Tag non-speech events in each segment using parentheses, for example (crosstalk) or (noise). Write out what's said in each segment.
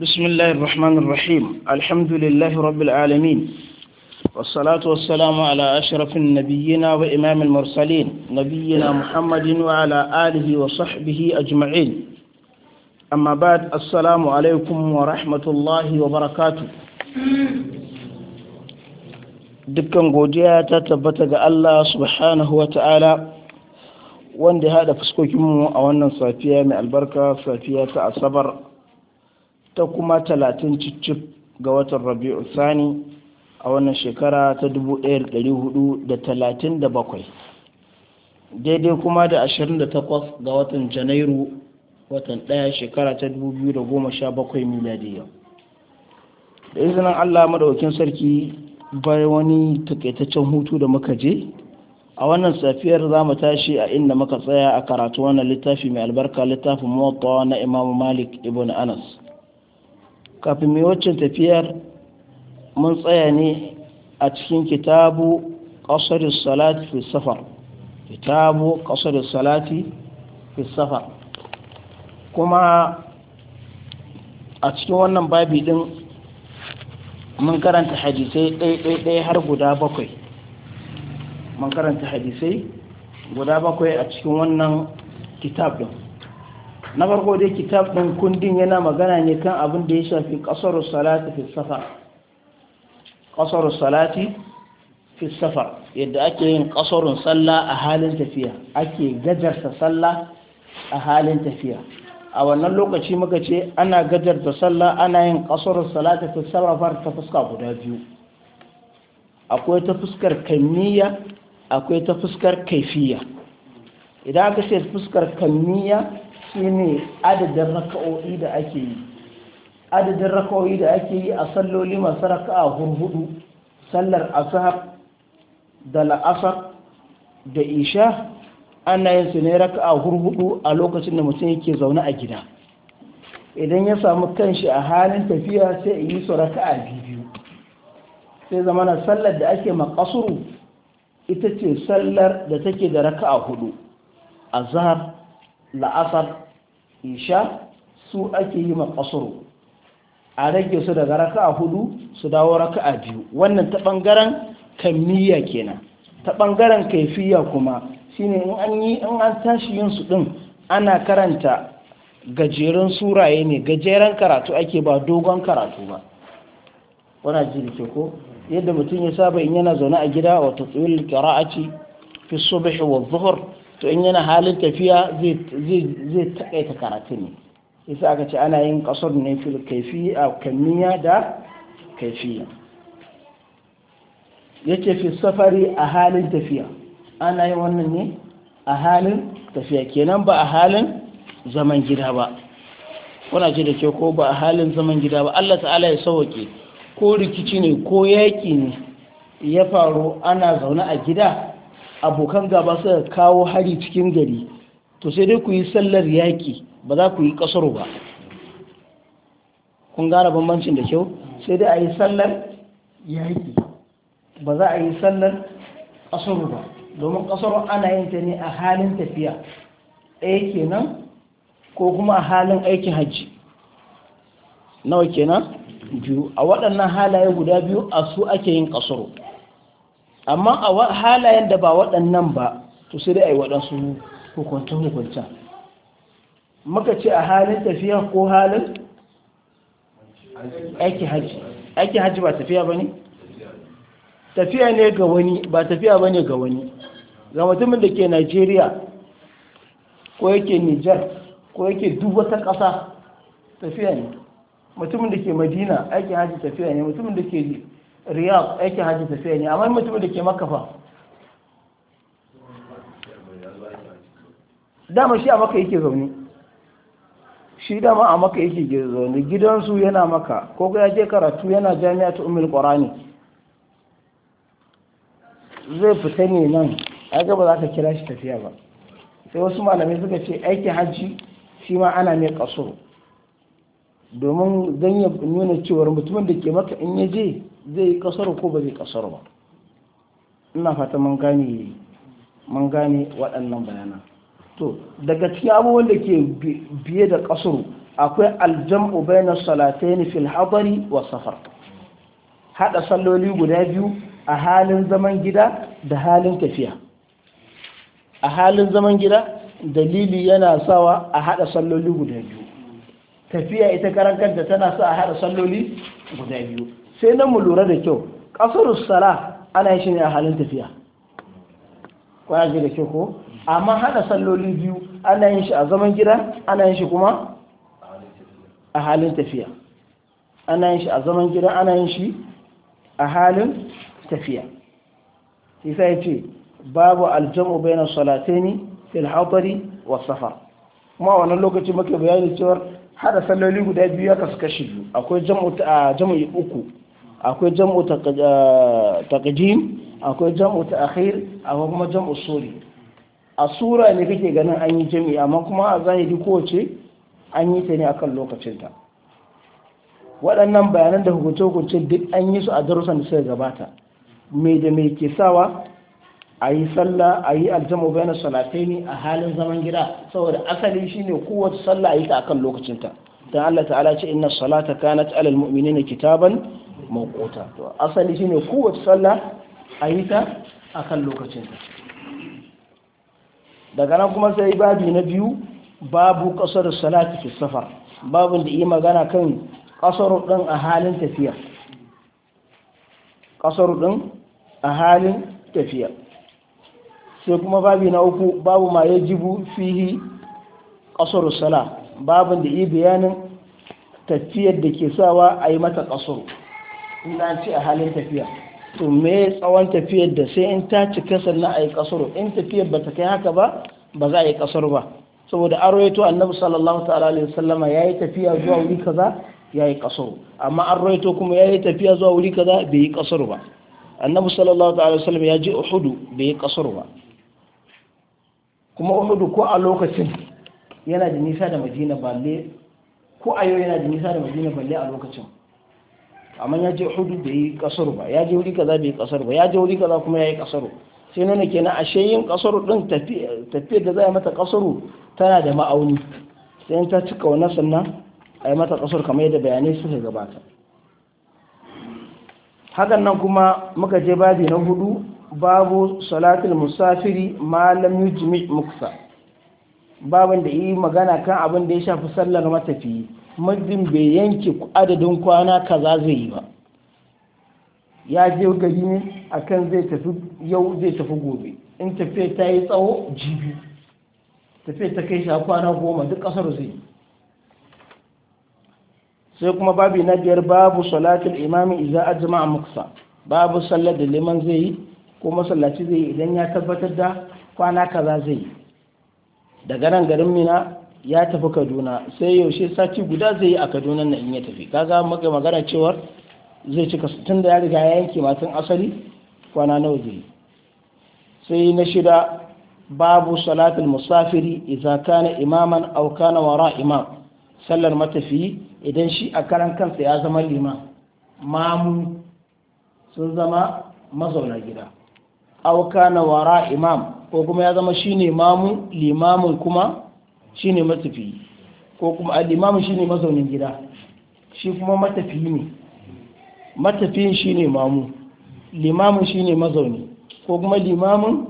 بسم الله الرحمن الرحيم الحمد لله رب العالمين والصلاة والسلام على أشرف النبيين وإمام المرسلين نبينا محمد وعلى آله وصحبه أجمعين أما بعد السلام عليكم ورحمة الله وبركاته دكان godiya تتبتغ الله سبحانه وتعالى وان wa ta'ala wanda ya صافية من البركة صافية الصبر ta kuma talatin cicif ga watan rabi'u sani a wannan shekara ta 1437 daidai kuma da ashirin da 28 ga watan janairu watan ɗaya shekara ta 2017 biyu da izinin allah madaukin sarki bayan wani takaitaccen hutu da muka je a wannan safiyar za mu tashi a inda muka tsaya a karatu wannan littafi mai albarka littafin mawata na imamu malik ibn anas kafin mai waccan tafiyar mun tsaya ne a cikin kitabu ƙasar salati fi safar kitabu ƙasar salati fi safar kuma a cikin wannan babi din mun karanta hadisai ɗaiɗaiɗai har guda bakwai mun karanta hadisai guda bakwai a cikin wannan kitab din na farko dai kitab ɗin kundin yana magana ne kan abin da ya shafi ƙasarar salati fi safar salati fi yadda ake yin ƙasarun sallah a halin tafiya ake gajarta sallah a halin tafiya a wannan lokaci muka ce ana gajarta salla ana yin ƙasarar salati fi safar ta fuska guda biyu akwai ta fuskar kamiyya akwai ta fuskar kaifiya idan aka ce fuskar kamiyya shine adadin raka'o'i da ake yi adadin raka'o'i da ake yi a salloli masu raka'a hurhudu sallar asar da la'asar da isha ana yin su ne raka'a hurhudu a lokacin da mutum yake zaune a gida idan ya samu kanshi a halin tafiya sai yi su raka'a biyu sai zama na sallar da ake makasuru ita ce sallar da take da raka'a hudu azhar la'asar isha su ake yi ma kasuru a rage su daga raka'a hudu su dawo raka'a biyu wannan ta bangaren kamiyya kenan ta bangaren kaifiya kuma shine in an yi in an tashi yin su din ana karanta gajeren suraye ne gajeren karatu ake ba dogon karatu ba wana ji da ke ko yadda mutum ya saba in yana zaune a gida wata tsawil qira'ati fi subh wa dhuhr to in yana halin tafiya zai takaita karatu ne isa aka ce ana yin ƙasar ne fil kaifi a kammiya da Ya ce fi safari a halin tafiya ana yin wannan ne a halin tafiya kenan ba a halin zaman gida ba kuna ce da ke ko ba a halin zaman gida ba Allah ta'ala ya sauke ko rikici ne ko yaƙi ne ya faru ana zaune a gida abokan gaba suka kawo hari cikin gari to sai dai ku yi sallar yaƙi ba za ku yi ƙasar ba kun gane bambancin da kyau sai dai a yi sallar yaƙi ba za a yi sallar ƙasar ba domin ƙasar ana yin ta ne a halin tafiya ɗaya kenan ko kuma a halin aikin hajji nawa kenan biyu a waɗannan halaye guda biyu a su ake yin ƙasar amma a halayen da ba waɗannan ba to sai dai a yi waɗansu hukuncin-hukuncin muka ce a halin tafiya ko halin aiki hajji aiki hajji ba tafiya ba ne? tafiya ne ga wani ba tafiya ba ne ga wani ga mutumin da ke nigeria ko yake niger ko yake duk wata ƙasa tafiya ne mutumin da ke madina aiki hajji tafiya ne mutumin da ke riyab aiki hajji tafiya ne amma mutumin da ke makafa dama shi a maka yake zaune shi dama a maka yake zaune gidansu yana maka ko ya je karatu yana jami'a ta umar ƙorani zai fita ne nan aga ba za ka kira shi tafiya ba sai wasu malamai suka ce aiki hajji shi ma ana mai kaso domin zan yi nuna cewar mutumin da ke maka in ya je zai yi kasar ko ba zai kasar ba ina fata mun gane mun gane waɗannan bayanan to daga cikin abubuwan da ke biye da kasar akwai aljam'u bainas salatayn fil hadari wa safar hada salloli guda biyu a halin zaman gida da halin tafiya a halin zaman gida dalili yana sawa a hada salloli guda biyu tafiya ita karankanta tana sa a hada salloli guda biyu sai nan mu lura da kyau Kasar sala ana yin shi ne a halin tafiya kwaya ji da kyau ko amma hada salloli biyu ana yin shi a zaman gida ana yin shi kuma a halin tafiya ana yin shi a zaman gida ana yin shi a halin tafiya isa ya ce babu aljamu bayan salatani fil hatari wa safar kuma wannan lokaci maka bayani cewar hada salloli guda biyu ya kasu kashi biyu akwai jam'u uku akwai jam'u eh, taqdim akwai jam'u ta'khir akwai kuma jam'u suri a sura ne kake ganin an yi jami'i amma kuma a zahiri kowace an yi ta ne akan lokacinta waɗannan bayanan da hukunce-hukunce duk an yi su a darussan da suka gabata mai da mai ke sawa a yi sallah a yi aljamu bayanan salatai a halin zaman gida saboda asali shine kowace sallah a yi ta akan lokacinta don Allah ta'ala ce inna salata kanat alal mu'minina kitaban makota to asali shine kowace sallah a yi ta a kan ta daga nan kuma sai babi na biyu babu kasar salati fi safar babu da yi magana kan kasar din a halin tafiya kasar din a halin tafiya sai kuma babi na uku babu ma ya jibu fihi kasar sala babu da yi bayanin tafiyar da ke sawa a yi mata kasar Ina ce a halin tafiya to me tsawon tafiyar da sai in ta cika sannan a yi kasaro in tafiyar ba ta kai haka ba ba za a yi kasaro ba saboda an rawaito annabi sallallahu ta'ala alaihi wasallama ya yi tafiya zuwa wuri kaza ya yi kasaro amma an rawaito kuma ya yi tafiya zuwa wuri kaza bai yi kasaro ba annabi sallallahu ta'ala alaihi wasallama ya je uhudu bai yi kasaro ba kuma uhudu ko a lokacin yana da nisa da madina balle ko ayo yana da nisa da madina balle a lokacin amma ya je hudu bai yi kasar ba ya je wuri kaza bai yi kasar ba ya je wuri kaza kuma ya yi kasar sai nuna kenan ashe yin kasar din tafiyar da za a mata kasar tana da ma'auni sai ta cika wannan sannan a yi mata kasar kamar yadda bayanai suka gabata hakan nan kuma muka je babi na hudu babu salatul musafiri malam yujmi muksa babin da yi magana kan abin da ya shafi sallar matafiyi muddin bai yanke adadin kwana kaza zai yi ba ya je gari ne akan zai tafi yau zai tafi gobe in tafiya ta yi tsawo jibi tafiya ta kai sha kwana goma duk kasar zai yi sai kuma babu na biyar babu salatul imami a jama'a muksa babu sallar da liman zai yi ko masallaci zai yi idan ya tabbatar da kwana kaza zai yi daga nan garin mina ya tafi kaduna sai yaushe sati guda zai yi a kaduna na in ya tafi kaga maka magana cewar zai cika tun da ya riga ya yanke matan asali kwana nawa zai sai na shida babu salatul musafiri idza kana imaman aw kana wara imam sallar matafiyi idan shi a karan kansa ya zama liman mamu sun zama mazauna gida aw kana wara imam ko kuma ya zama shine mamu limamin kuma Shi ne matafi ko kuma al’imamu shi ne mazaunin gida shi kuma matafi ne matafiyin ne mamu limamin ne mazauni ko kuma limamin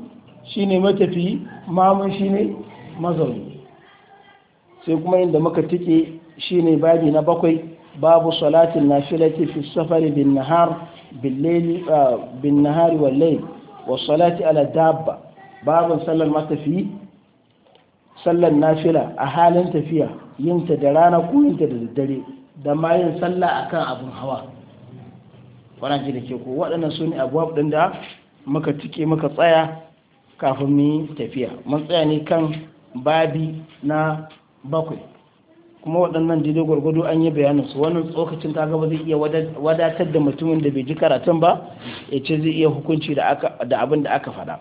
ne matafi mamun ne mazauni sai kuma inda muka tike ne babi na bakwai babu salatin na fi safari bin nahar ah, bin nahari wallai wa salati ala dabba babin sallar matafi sallar nafila a halin tafiya yinta da rana ko yinta da daddare da ma yin sallah akan abin hawa wannan ji da ke ko waɗannan su ne abuwa ɗin da muka tike muka tsaya kafin mu tafiya mun tsaya ne kan babi na bakwai kuma waɗannan daidai gwargwado an yi bayanin su wannan tsokacin ta gaba zai iya wadatar da mutumin da bai ji karatun ba ya ce zai iya hukunci da abin da aka faɗa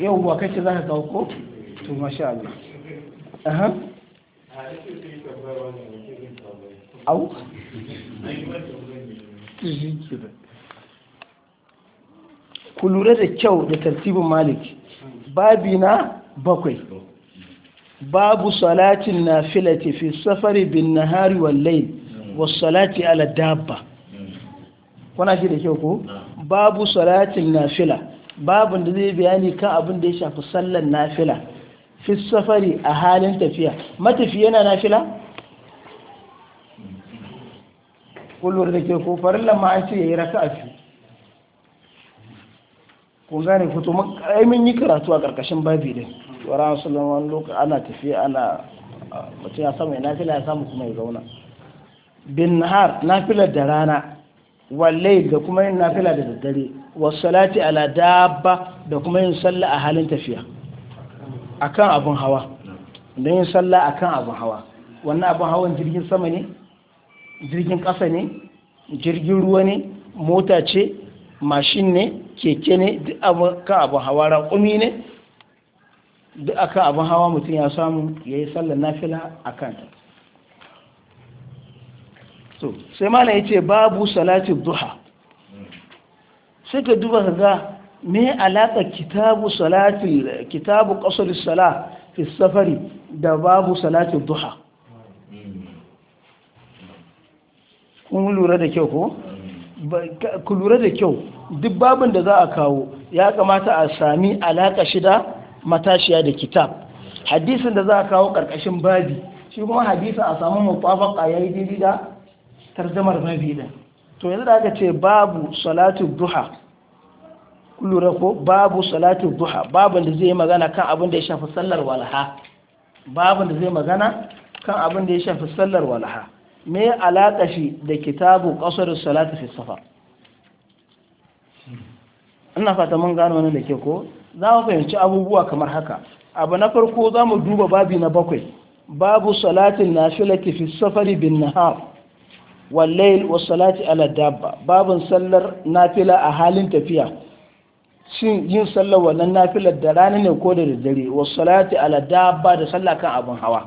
yau ba ce za ka kawo ko to masha Allah au ku lura da kyau da tartibin malik babi na bakwai babu salatin nafilati fi safari bin nahari wal layl was salati ala dabba kuna shi da kyau ko babu salatin nafila babin da zai bayani kan abin da ya shafi sallar nafila fi safari a halin tafiya matafi yana nafila kullum da ke ko farillan ma an ce raka a fi kun gane ku to mun yi karatu a karkashin babi din wa rasulullahi wani lokaci ana tafiya ana mutum ya samu ya nafila ya samu kuma ya zauna bin har nafilar da rana wallai da kuma yin nafila da daddare wasalati ala dabba da kuma yin sallah a halin tafiya akan abun hawa da yin sallah akan abun hawa wannan abun hawan jirgin sama ne jirgin ƙasa ne jirgin ruwa ne mota ce mashin ne keke ne duk akan abun hawa raƙumi ne duk akan abun hawa mutum ya samu ya yi sallar nafila a kanta sai malam ya ce babu salati duha sai ka duba ka ga me alaƙa kitabu salatil kitabu qasr sala fi safari da babu salatin duha kun lura da kyau ko ku lura da kyau duk babin da za a kawo ya kamata a sami alaƙa shida matashiya da kitab hadisin da za a kawo ƙarƙashin babi shi kuma hadisa a samu mutafaka ya yi da tarjamar babi da to yanzu da aka ce babu salatu duha kullura ko babu salatin duha babu da zai magana kan abin da ya shafi sallar walaha babu da zai magana kan abin da ya shafi sallar walaha me alaka shi da kitabu ƙasar salatu fi safa ina fata mun gano wannan da ke ko za mu fahimci abubuwa kamar haka abu na farko za mu duba babi na bakwai babu salatin nafilati fi safari bin nahar wal layl was salati ala dabba babun sallar nafila a halin tafiya shin yin sallar wannan nafilar da rana ne ko da dare wasu salati ala dabba da sallah kan abin hawa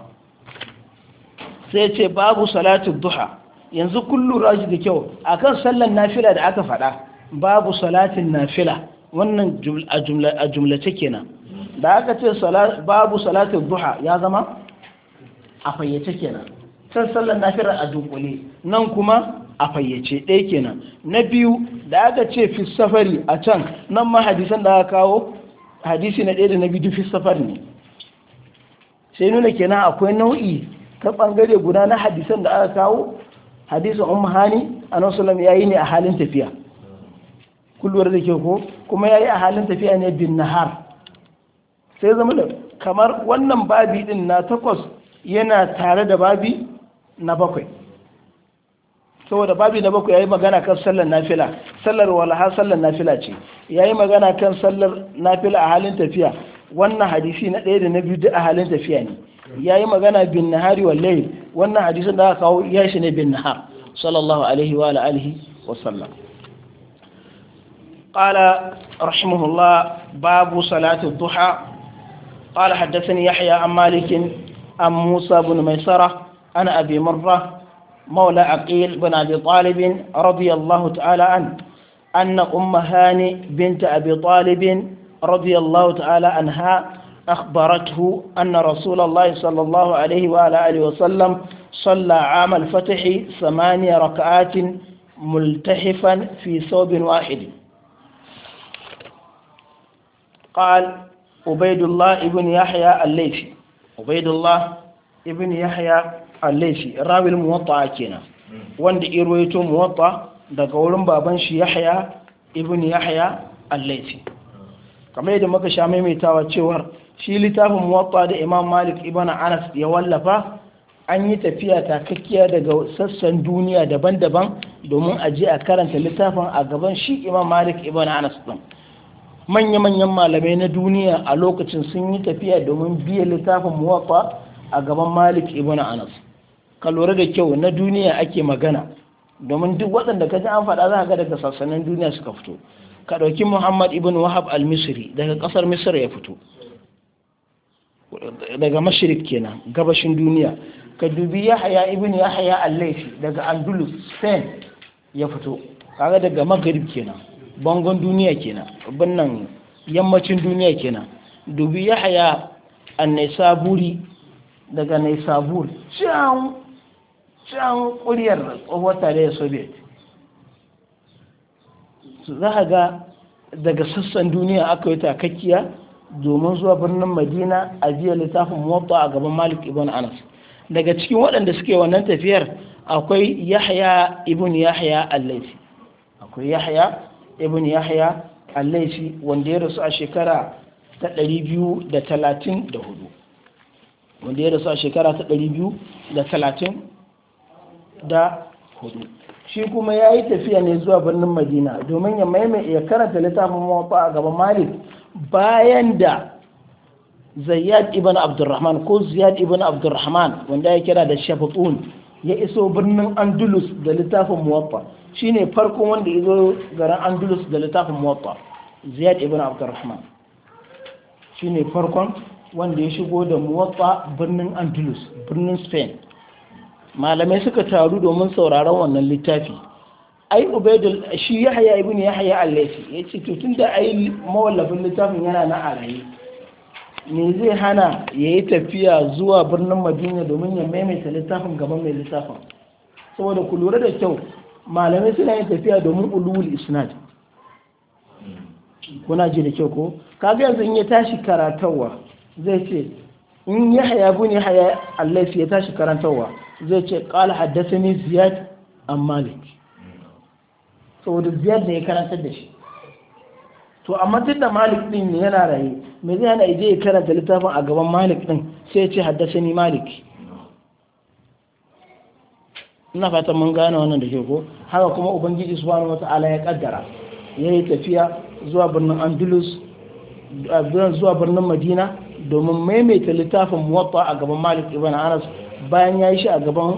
sai ce babu salatin duha yanzu kullu raji da kyau akan sallar nafila da aka faɗa babu salatin nafila wannan a jumlace kenan da aka ce babu salatin duha ya zama a fayyace kenan can sallar nafila a dunkule nan kuma a fayyace ɗaya kenan na biyu da aka ce fi safari a can nan ma hadisan da aka kawo hadisi na ɗaya da na biyu fi safari ne sai nuna kenan akwai nau'i ta ɓangare guda na hadisan da aka kawo hadisin umma hani a nan ya yi ne a halin tafiya kullum da ke ko kuma ya yi a halin tafiya ne bin nahar sai zama da kamar wannan babi din na takwas yana tare da babi na bakwai saboda babi na bakwai yayi magana kan sallar nafila sallar walaha sallar nafila ce yayi magana kan sallar nafila a halin tafiya wannan hadisi na ɗaya da na biyu a halin tafiya ne yayi magana bin nahari wal layl wannan hadisin da aka kawo ya shi ne bin nahar sallallahu alaihi wa alihi wa sallam قال رحمه babu باب duha الضحى قال حدثني an عن an musa موسى بن ميسرة عن أبي مولى عقيل بن أبي طالب رضي الله تعالى عنه أن أم هاني بنت أبي طالب رضي الله تعالى عنها أخبرته أن رسول الله صلى الله عليه وعلى آله وسلم صلى عام الفتح ثمانية ركعات ملتحفا في ثوب واحد قال عبيد الله ابن يحيى الليثي عبيد الله ابن يحيى al-laifi rawil muwatta kenan wanda irwaito muwatta daga wurin baban shi yahya ibn yahya al-laifi kamar yadda muka sha maimaitawa cewar shi littafin muwatta da imam malik ibn anas ya wallafa an yi tafiya takakkiya daga sassan duniya daban-daban domin a je a karanta littafin a gaban shi imam malik ibn anas din manya-manyan malamai na duniya a lokacin sun yi tafiya domin biya littafin muwatta a gaban malik ibn anas ka lura da kyau na duniya ake magana domin duk waɗanda ka ji an faɗa za ka daga sassanin duniya suka fito ka ɗauki muhammad ibn wahab al-misri daga ƙasar misir ya fito daga mashirik kenan gabashin duniya ka dubi yahaya ibn yahaya al-laifi daga andalus spain ya fito kaga daga maghrib kenan bangon duniya kenan bannan yammacin duniya kenan dubi yahaya an-naisaburi daga naisabur can can kuryar tsohuwar ya soviet za a ga daga sassan duniya aka yi takakkiya domin zuwa birnin madina a jiya littafin mota a gaban malik ibn anas daga cikin waɗanda suke wannan tafiyar akwai yahya ibn yahya allaisi akwai yahya ibn yahya allaisi wanda ya rasu a shekara ta 234 wanda ya rasu a shekara ta 234 da hudu shi kuma ya yi tafiya ne zuwa birnin madina domin ya maimai ya karanta littafin mawafa a gaban malik bayan da zayyad ibn abdurrahman ko ziyad ibn abdurrahman wanda ya kira da shafatun ya iso birnin andalus da littafin shi shine farkon wanda ya zo garin andalus da littafin mawafa ziyad ibn abdurrahman shine farkon wanda ya shigo da mawafa birnin andalus birnin spain malamai suka taru domin sauraron wannan littafi ai ubaidul shi yahya ibn yahya al-laythi yace to tunda ai mawallafin littafin yana na raye me zai hana yayi tafiya zuwa birnin madina domin ya maimaita littafin gaban mai littafin saboda ku lura da kyau malamai suna yin tafiya domin ulul isnad kuna ji da kyau ko kaga yanzu in ya tashi karatawa zai ce in yahya ibn yahya al-laythi ya tashi karatawa. zai ce haddasa ne ziyad an malik saboda ziyad da ya karanta da shi to amma tun da malik din yana raye me zai hana ije ya karanta littafin a gaban malik din sai ya haddasa ne malik ina fatan mun gane wannan da ke ko haka kuma ubangiji subhanahu wata'ala ya kaddara ya yi tafiya zuwa birnin andalus zuwa birnin madina domin maimaita littafin muwatta a gaban malik ibn anas bayan ya yi shi a gaban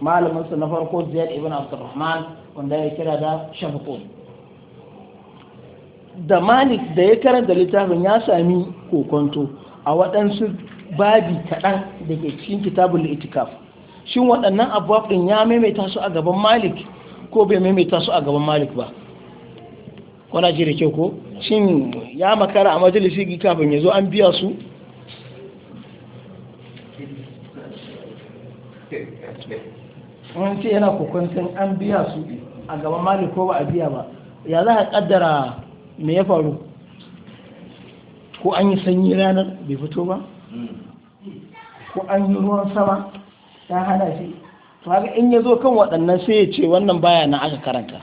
malaminsa na farko ziyar ibn abdurrahman wanda ya kira da shafakun da malik da ya karanta littafin ya sami kokonto a waɗansu babi kaɗan da ke cikin kitabun itikaf shin waɗannan abubuwan ɗin ya maimaita su a gaban malik ko bai maimaita su a gaban malik ba kwana ji da kyau ko shin ya makara a majalisi kafin ya zo an biya su in ce yana kokwanton an biya su a gaban mali ko ba a biya ba ya za a kaddara me ya faru ko an yi sanyi ranar bai fito ba ko an yi ruwan sama ta hana shi to haka in ya zo kan waɗannan sai ya ce wannan baya na aka karanta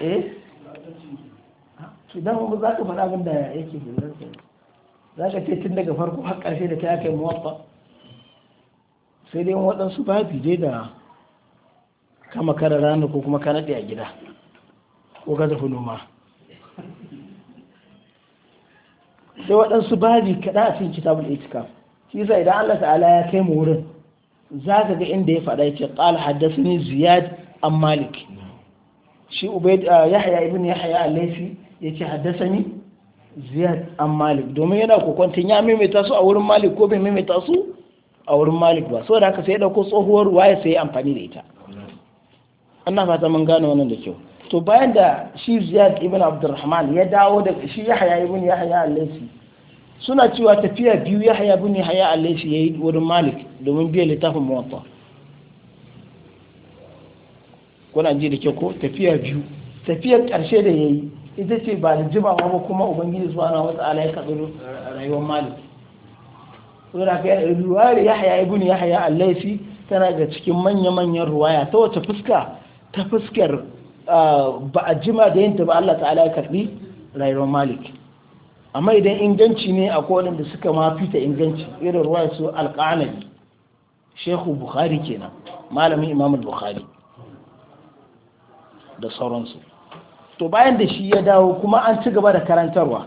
eh to dan ba za ka faɗa abin da yake da za ka ce tun daga farko har ƙarshe da ta yi kai muwaffa sai dai waɗansu fi dai da kama kara rana ko kuma kana ɗaya a gida ko ka zafi noma sai waɗansu fi kaɗa a cikin kitabul itikaf shi sa idan Allah ta'ala ya kai mu wurin za ka ga inda ya faɗa yake qala haddathani ziyad an malik shi ubayd ah, yahya ibn yahya al-laysi yace haddathani ziyad an malik domin yana kokwantin ya maimaita su a wurin malik ko bai maimaita su a wurin malik ba saboda haka sai ya dauko tsohuwar waya sai ya amfani da ita ana fata mun gane wannan da kyau to bayan da shi ziyad ibn abdurrahman ya dawo da shi yahya ibn yahya al-laysi suna cewa tafiya biyu yahya ibn yahya al-laysi yayi wurin malik domin biya littafin muwatta kuna ji da kyau ko tafiya biyu tafiyar karshe da yayi ita ce ba da jibawa ba kuma ubangiji zuwa na wata ala ya rayuwar malik da ka yi ruwayar yahaya ibn yahaya laifi tana ga cikin manya-manyan ruwaya ta wace fuska ta fuskar ba a jima da yinta ba Allah ta'ala ya karɓi rayuwar malik amma idan inganci ne a akwai da suka ma fita inganci irin ruwaya su alƙalami shehu bukhari kenan malamin imamul bukhari da sauransu to bayan da shi ya dawo kuma an ci gaba da karantarwa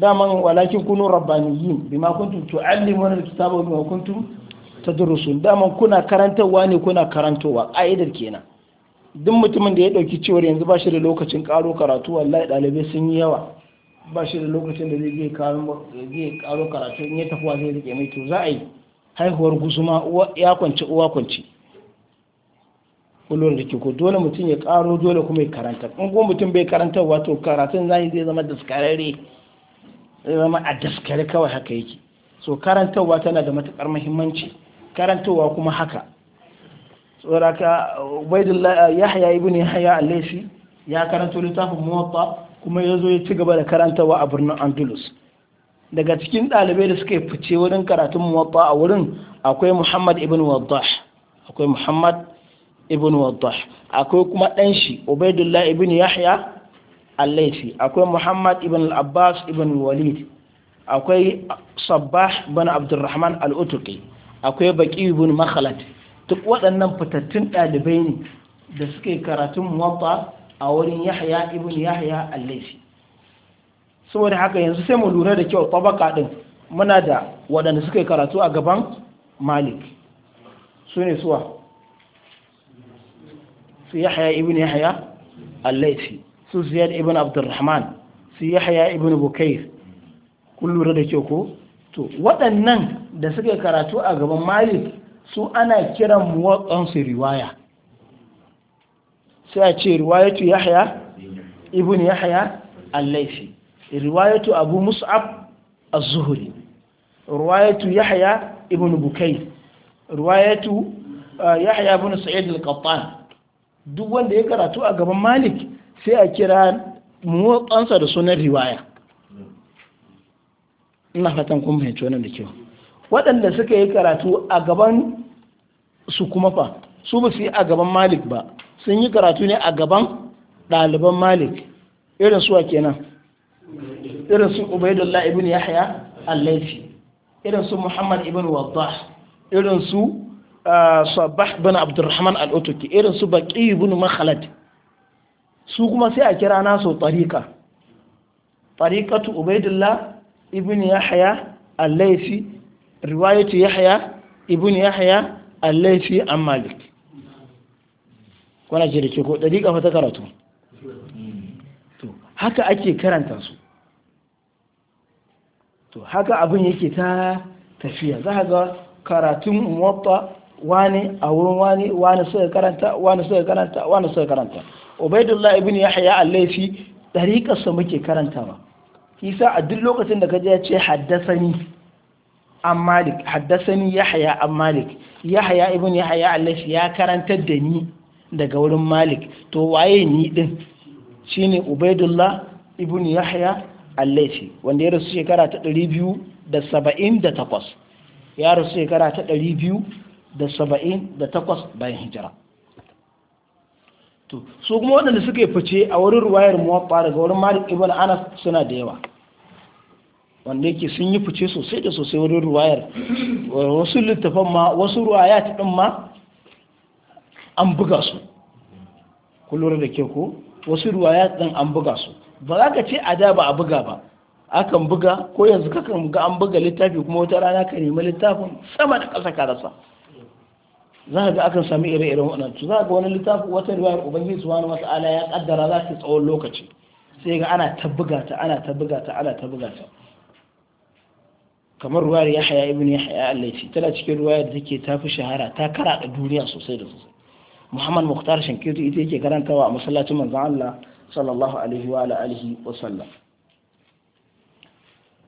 daman walakin kunu rabbaniyin bima kuntum tu'allimuna alkitaba bima kuntum tadrusun daman kuna karantarwa ne kuna karantowa ka'idar kenan duk mutumin da ya dauki cewar yanzu ba shi da lokacin karo karatu wallahi dalibai sun yi yawa ba shi da lokacin da zai karo karatu in ya tafi wa zai rike mai to za a yi haihuwar guzuma ya kwanci uwa kwanci kullum da ke ko dole mutum ya karo dole kuma ya karanta in kuma mutum bai karanta wato karatun zai zai zama daskararre zai zama a daskare kawai haka yake so karantarwa tana da matukar muhimmanci karantarwa kuma haka tsoraka ubaidullah yahya ibn yahya alaysi ya karanta littafin muwatta kuma ya zo ya ci gaba da karantarwa a birnin andalus daga cikin ɗalibai da suka fice wurin karatun muwatta a wurin akwai muhammad ibn waddah akwai muhammad ibn waddah akwai kuma ɗan shi ubaidullah ibn yahya al-laifi akwai muhammad ibn al-abbas ibn walid akwai sabbah bin abdurrahman al-utuqi akwai baqi ibn makhlad duk waɗannan fitattun ɗalibai ne da suke karatun muwatta a wurin yahya ibn yahya al laythi saboda haka yanzu sai mu lura da kyau tabaka din muna da waɗanda suke karatu a gaban malik su suwa su yahya ibn yahya al-laythi su ziyad ibn abdurrahman su yahya ibn bukayr kun lura da kyau ko to waɗannan da suka karatu a gaban malik su ana kiran muwatsansu riwaya sai a ce riwayatu yahya ibn yahya al-laythi riwayatu abu mus'ab az-zuhri riwayatu yahya ibn bukayr riwayatu uh, yahya ibn sa'id al-qattan duk wanda ya karatu a gaban malik sai a kira motsansa da sunan riwaya ina fatan kun mai tonan da kyau waɗanda suka yi karatu a gaban su kuma fa su ba su yi a gaban malik ba sun yi karatu ne a gaban ɗaliban malik irin suwa kenan irin su ubaidullah ibn yahya al-laifi irin su muhammad ibn wadda irin su sabah bin abdurrahman al'utuki irin su baki ibn makhalad su kuma sai a kira nasu tariqa tariqatu ubaidillah ibn yahya al-laythi riwayatu yahya ibn yahya al-laythi an malik kuna ko tariqa fa ta karatu to haka ake karanta su to haka abin yake ta tafiya za ga karatun muwatta wani a wurin wani wani suka karanta wani suka karanta wani suka karanta ubaidullah ibn yahya al-laifi dariƙarsa muke karantawa isa a duk lokacin da kaje ya ce haddasani an malik haddasani yahya an malik yahya ibn yahya al-laifi ya karantar da ni daga wurin malik to waye ni din shine ubaidullah ibn yahya al-laifi wanda ya rasu shekara ta 278 ya rasu shekara ta 200 da saba'in da takwas bayan hijira to su kuma waɗanda suka yi fice a wurin ruwayar muwaffa daga wurin malik ibn anas suna da yawa wanda yake sun yi fice sosai da sosai wurin ruwayar wasu littafan ma wasu ruwayat ɗin ma an buga su ku lura da ke ko wasu ruwayat ɗin an buga su ba za ka ce a da ba a buga ba akan buga ko yanzu kakan ga an buga littafi kuma wata rana ka nemi littafin sama da ƙasa ka rasa za ka ga akan sami ire-iren waɗannan to za ga wani littafi wata riwayar ubangiji subhanahu wata'ala ya kaddara za ta tsawon lokaci sai ga ana tabbuga ta ana tabbuga ta ana tabbuga ta kamar ruwayar Yahya ibn Yahya al-Laythi tana cikin ruwayar da take tafi shahara ta karada duniya sosai da sosai Muhammad muhtar Shankiri ita yake karantawa a masallacin manzon Allah sallallahu alaihi wa alihi wa sallam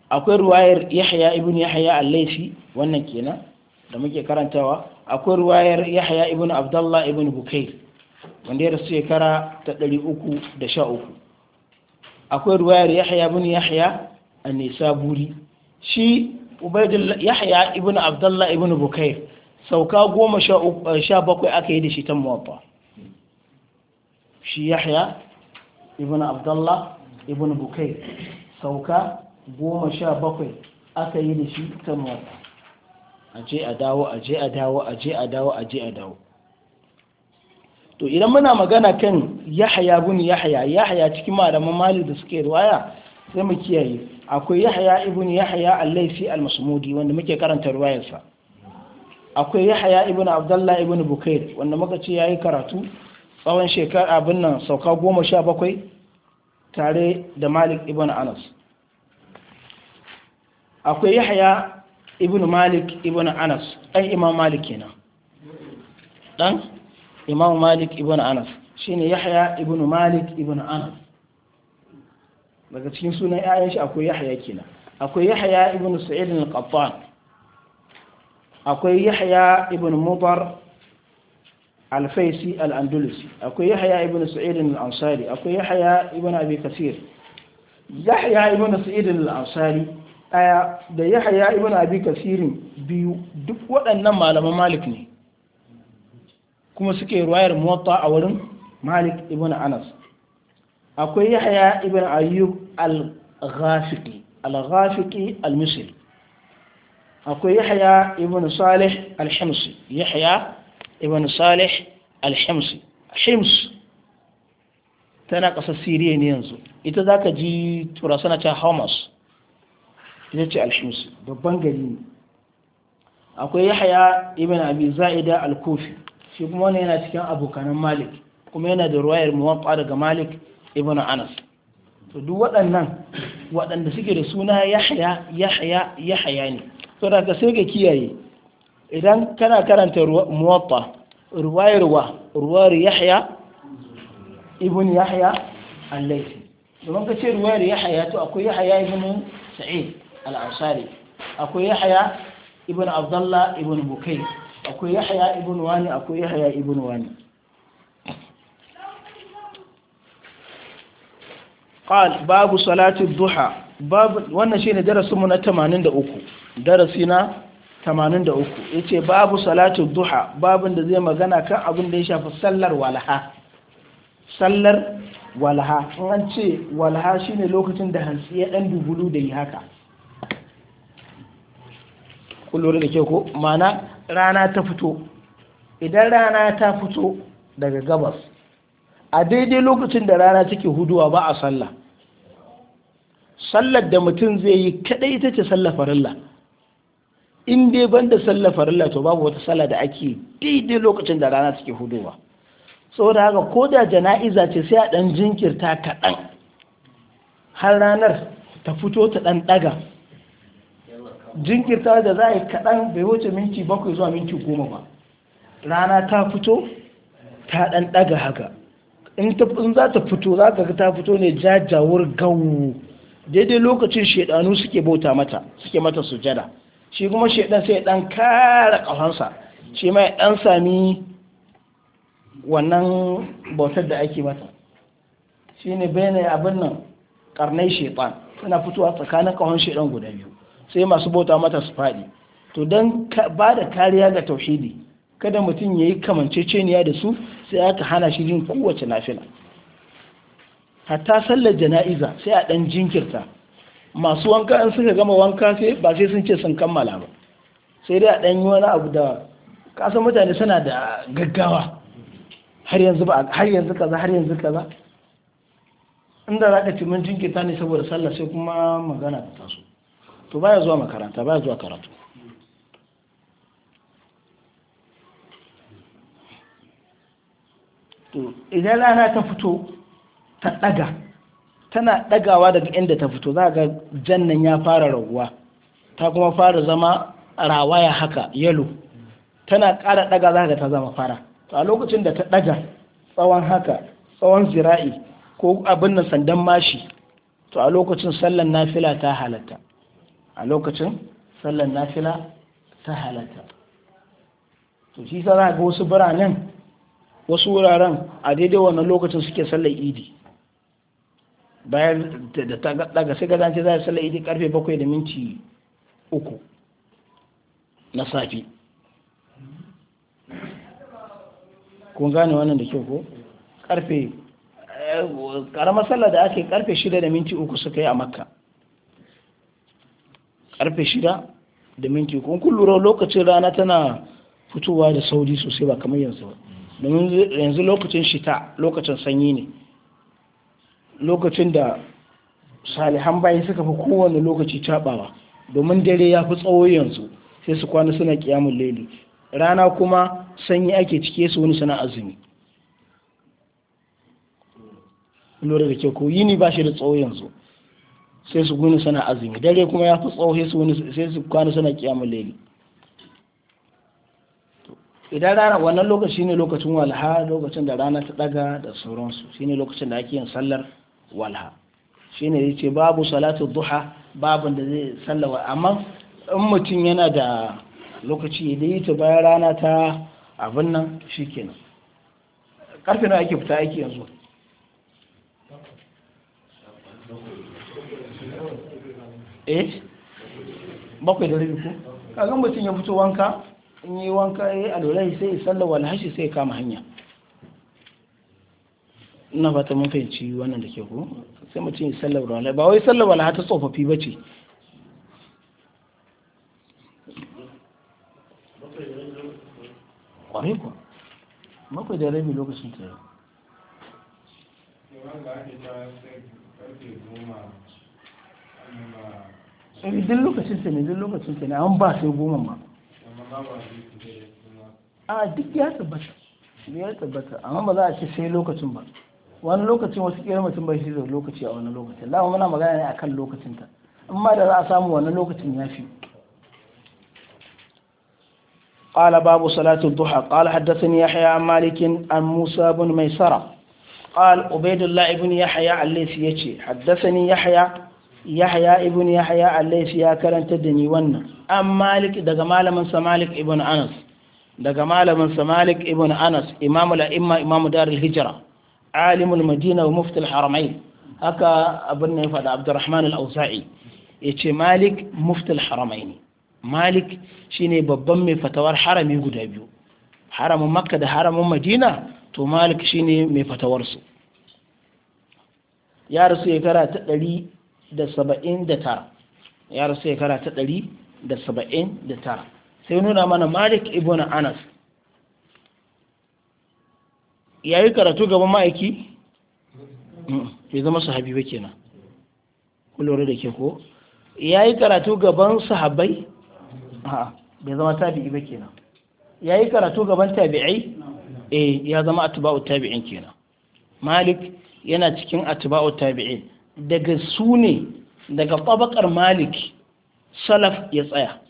akwai ruwayar Yahya ibn Yahya al-Laythi wannan kenan da muke karantawa akwai ruwayar yahya ibn abdullah ibn bukair wanda ya rasu shekara ta 313 akwai ruwayar yahya ibn yahya a nisa buri shi yahya ibn abdullah ibn bukair sauka goma sha bakwai aka yi da shi ta muwabba shi yahya ibn abdullah ibn bukair sauka goma sha bakwai aka yi da shi ta muwabba Aje a dawo aje a dawo aje a dawo aje a dawo to idan muna magana kan yahaya bin yahaya yahaya cikin malaman malik da suke riwaya sai mu kiyaye akwai yahaya ibn yahaya al-laifi al-masmudi wanda muke karanta riwayarsa akwai yahaya ibn abdullah ibn bukair wanda muka ce yayi karatu tsawon shekara abin nan sauka goma sha bakwai tare da malik ibn anas akwai yahaya ibn malik ibn anas ɗan imam malik kenan ɗan imam malik ibn anas shine yahya ibn malik ibn anas daga cikin sunan 'ya'yan shi akwai yahya kenan akwai yahya ibn sa'id al-qattan akwai yahya ibn mubar al-faisi al-andalusi akwai yahya ibn sa'id al-ansari akwai yahya ibn abi kasir yahya ibn sa'id al-ansari ɗaya da yahaya ibn abi kasirin biyu duk waɗannan malaman malik ne kuma suke ruwayar muwatta a wurin malik ibn anas akwai yahaya ibn ayyub al-ghafiqi al-ghafiqi al-misri akwai yahya ibn salih al-himsi yahya ibn salih al-himsi hims tana ƙasar siriya ne yanzu ita za ka ji turasana ta hamas ita ce alshinsu babban gari ne akwai yahaya ibn abi za'ida al-kufi shi kuma wannan yana cikin abokanan malik kuma yana da ruwayar muwatta daga malik ibn anas to duk waɗannan waɗanda suke da suna yahya ne to daga sai ka kiyaye idan kana karanta muwatta ruwayar wa ruwayar yahya ibn yahya al-laythi domin ka ce ruwayar yahya to akwai yahaya ibn sa'id al-ansari akwai yahya ibn abdullah ibn bukai akwai yahya ibn wani akwai yahya ibn wani قال باب صلاة الضحى باب وانا شيء درس من 83 درسنا 83 ce babu salatu duha babin da zai magana kan abin da ya shafi sallar walaha sallar walaha in an ce walaha shine lokacin da hantsi ya ɗan dubulu da yi haka kullure da ke ko mana rana ta fito idan rana ta fito daga gabas a daidai lokacin da rana take huduwa ba a sallah sallar da mutum zai yi kadai ita ce sallar farilla in dai banda sallar farilla to babu wata sallah da ake daidai lokacin da rana take huduwa saboda haka ko da jana'iza ce sai a dan jinkirta kaɗan har ranar ta fito ta dan daga. jinkirta da za a yi kaɗan bai wuce minti bakwai zuwa minti goma ba rana ta fito ta ɗan ɗaga haka in za ta fito za ka ga ta fito ne jajawar gawo daidai lokacin shaidanu suke bauta mata suke mata sujada shi kuma shaidan sai ɗan kara ƙafansa shi ma ɗan sami wannan bautar da ake mata shi ne bayan abin nan ƙarnai shaidan suna fitowa tsakanin ƙahon shaidan guda biyu sai masu bauta mata su faɗi to don ba da kariya ga tauhidi kada mutum ya yi ceniya da su sai aka hana shi jin kowace nafila hatta sallar jana'iza sai a ɗan jinkirta masu wanka in suka gama wanka sai ba sai sun ce sun kammala ba sai dai a ɗan yi wani abu da kasan mutane suna da gaggawa har yanzu ba har yanzu kaza har yanzu kaza inda za ka ci mun jinkirta ne saboda sallah sai kuma magana ta taso to baya zuwa makaranta baya zuwa karatu idan rana ta fito ta daga tana dagawa daga inda ta fito za ga jannan ya fara raguwa ta kuma fara zama rawaya haka yalo tana kara daga za ga ta zama fara a lokacin da ta daga tsawon haka tsawon zira'i ko abin nan sandan mashi to a lokacin sallan nafila ta halatta a lokacin sallar nafila ta halatta to shi sa za ga wasu biranen wasu wuraren a daidai wannan lokacin suke sallar idi bayan da ta daga sai ga zance za a sallar idi karfe bakwai da minti uku na safi kun gane wannan da kyau ko karfe eh, karamar sallar da ake karfe shida da minti uku suka yi a makka karfe shida da minti kun kun lura lokacin rana tana fitowa da sauri sosai ba kamar yanzu ba domin yanzu lokacin shita lokacin sanyi ne lokacin da salihan bayi suka fi kowane lokaci cabawa domin dare ya fi tsawo yanzu sai su kwana suna kiyamun laili rana kuma sanyi ake cike su wani suna azumi lura da kyau ko yini ba shi da tsawo yanzu sai su gunu suna azumi dare kuma ya fi tsawo sai su kwana suna kiyamun laili idan rana wannan lokaci ne lokacin walha lokacin da rana ta daga da sauransu shine lokacin da ake yin sallar walha shine ya ce babu salatu duha babin da zai sallawa amma in mutum yana da lokaci da yi ta bayan rana ta abin nan shi kenan karfe na ake fita aiki yanzu eh bakwai da rabi ko kaga mutum ya fito wanka in yi wanka ya yi alwalai sai ya sallar walhashi sai ya kama hanya na fata mun fahimci wannan da ke ko sai mutum ya sallar walhashi ba wai sallar walhashi ta tsofaffi ba ce kwarai kuwa bakwai da rabi lokacin ta yau idan eh, duk lokacin ne duk lokacin ta ne an ba sai goma ma a duk ya tabbata ya tabbata amma ba za a ce sai lokacin ba wani lokacin wasu kira mutum bai shi da lokaci a wani lokacin mun muna magana ne akan lokacin ta amma da za a samu wani lokacin ya fi قال باب صلاة الضحى قال حدثني يحيى عن مالك عن موسى بن ميسرة قال عبيد الله بن يحيى الليثي يحيى حدثني يحيى yahya ibn yahya al-laythi ya karanta da ni wannan an malik daga malamin sa malik ibn anas daga malamin sa malik ibn anas imamu la'imma imamu hijra alimul madina wa mufti al-haramain haka abin ne faɗa abdurrahman al-ausa'i yace malik mufti al-haramain malik shine babban mai fatawar harami guda biyu haramin makka da haramin madina to malik shine mai fatawarsu ya rasu ya kara ta ɗari da saba'in da tara ya rasu shekara ta ɗari da saba'in da tara sai nuna mana malik ibn anas ya yi karatu gaban ma'aiki ya mm, zama sahabi ba kenan kulori da ke ko ya yi karatu gaban sahabai bai zama tabi'i ba kenan ya yi karatu gaban tabi'ai eh ya zama atuba'u tabi'in kenan malik yana cikin atuba'u tabi'in daga su ne daga tabakar malik salaf ya tsaya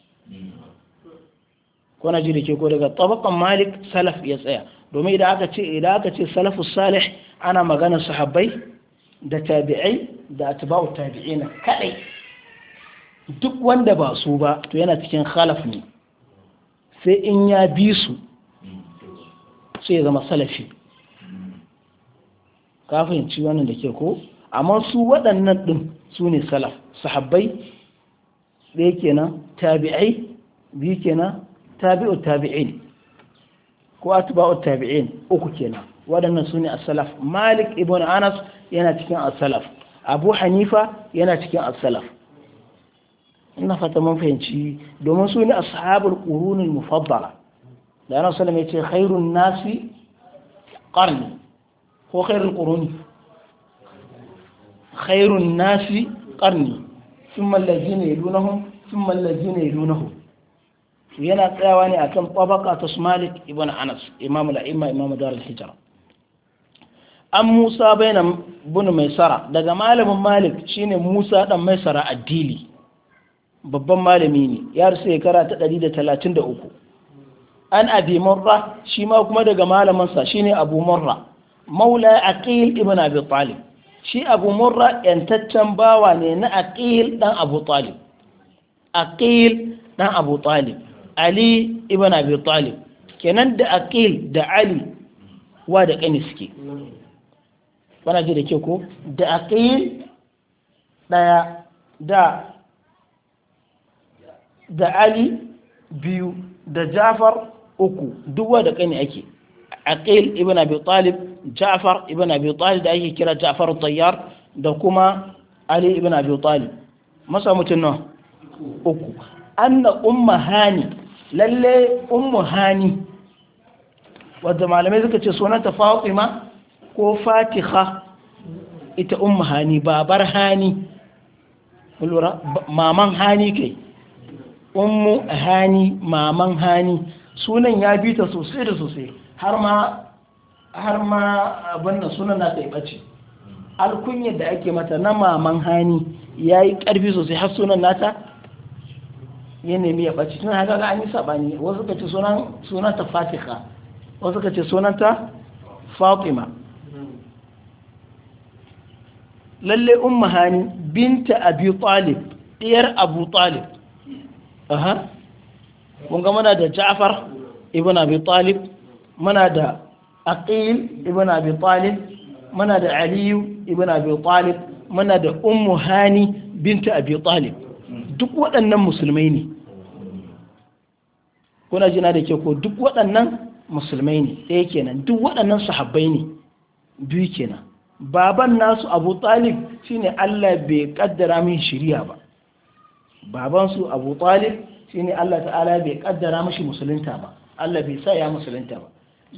kuna ji da ko daga tabakar malik salaf ya tsaya domin idan aka ce idan aka ce salafus salih ana magana sahabbai da tabi'ai da atba'u tabi'ina kadai duk wanda ba su ba to yana cikin khalaf ne sai in ya bi su sai ya zama salafi ka fahimci wannan da ke ko amma su waɗannan ɗin su ne salaf sahabbai ɗaya kenan tabi'ai biyu kenan tabi'u tabi'in ko atba'u tabi'in uku kenan waɗannan su ne asalaf malik ibn anas yana cikin asalaf, abu hanifa yana cikin asalaf, ina fata mun fahimci domin su ne ashabul qurunil mufaddala da ana ya ce khairun nasi qarni ko khairul quruni khairun nasi qarni thumma allazina yalunahum thumma allazina yalunahum dunahu yana tsayawa ne akan tabaka ta Malik ibn Anas imamu al-a'imma imamu darul hijra an Musa baina mai Maisara daga malamin Malik shine Musa dan mai a dili babban malami ne ya rasu kara ta 133 an abi murra shi ma kuma daga malamansa shine Abu Murra maula Aqil ibn Abi Talib shi abu murra yantaccen bawa ne na aqil dan abu talib aqil dan abu talib ali ibn abi talib kenan da aqil da ali wa da kani suke wana ji da ke ko da aqil daya da da ali biyu da jafar uku duk wa da kani ake aqil ibn abi talib ja'far ibn abi talib da ake kira ja'far tayyar da kuma ali ibn abi talib masa mutun nawa uku anna umma hani lalle ummu hani wadda malamai suka ce sunanta fatima ko fatiha ita ummu hani babar hani lura maman hani kai ummu hani maman hani sunan ya bi ta sosai da sosai har ma abin da suna na kai bace alkunya da ake mata na maman hani ya yi karfi sosai har sunan nata ya nemi ya ɓace tun haka ga an yi sabani wasu ka ce sunan ta Fatiha wasu ka ce sunan ta Fatima lalle umma hani binta abu Talib ɗiyar Abu Talib aha kun gama mana da Ja'far ibn Abi Talib muna da aqil ibn abi talib muna da aliyu ibn abi talib muna da ummu hani binta abi talib duk waɗannan musulmai ne kuna jina da ke ko duk waɗannan musulmai ne ɗaya kenan duk waɗannan sahabbai ne biyu kenan baban nasu abu talib shine allah bai kaddara min shirya ba baban su abu talib shine allah ta'ala bai kaddara mashi musulunta ba allah bai sa ya musulunta ba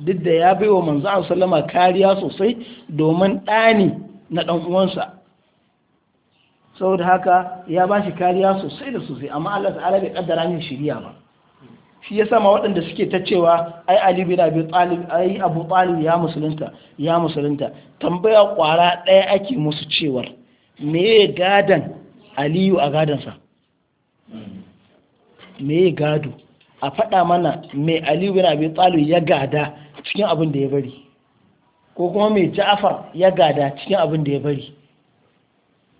duk da ya bai wa manzo a sallama kariya sosai domin ɗani na ɗan uwansa saboda haka ya ba shi kariya sosai da sosai amma Allah ta'ala bai ƙaddara min shirya ba shi ya sama waɗanda suke ta cewa ai Ali bin Abi Talib ai Abu Talib ya musulunta ya musulunta tambaya ƙwara ɗaya ake musu cewar me gadan Aliyu a sa? me gado a faɗa mana me Aliyu bin Abi Talib ya gada cikin abin da ya bari ko kuma mai ja'afar ya gada cikin abin da ya bari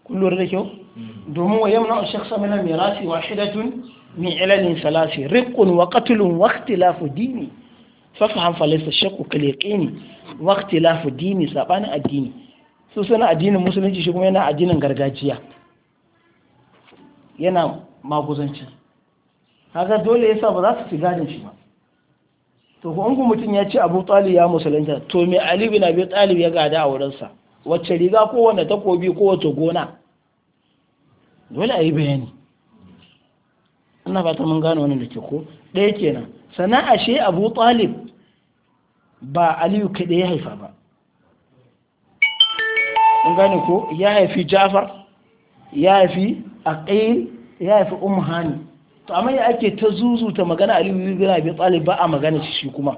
kullum da kyau mm. domin wa yamna shakhsa min al-mirasi wahidatun min ilalin salasi riqqun wa katulun wa ikhtilafu dini fafaham falaysa shakku kal wa ikhtilafu dini sabanin addini su suna addinin musulunci shi kuma yana addinin gargajiya yana maguzanci haka dole yasa ba za su fi gadin shi ba to ko ungu mutum ya ce abu talib ya musulunta to me ali bin abi talib ya gada a wurinsa wacce riga ko wanda takobi ko wacce gona dole a yi bayani ina fata mun gano wannan da ke ko ɗaya kenan sannan ashe abu talib ba aliyu kaɗai ya haifa ba mun gane ko ya haifi jafar ya haifi aqil ya haifi umhani to amma ya ake ta zuzuta magana Ali bin bai tsali ba a magana shi kuma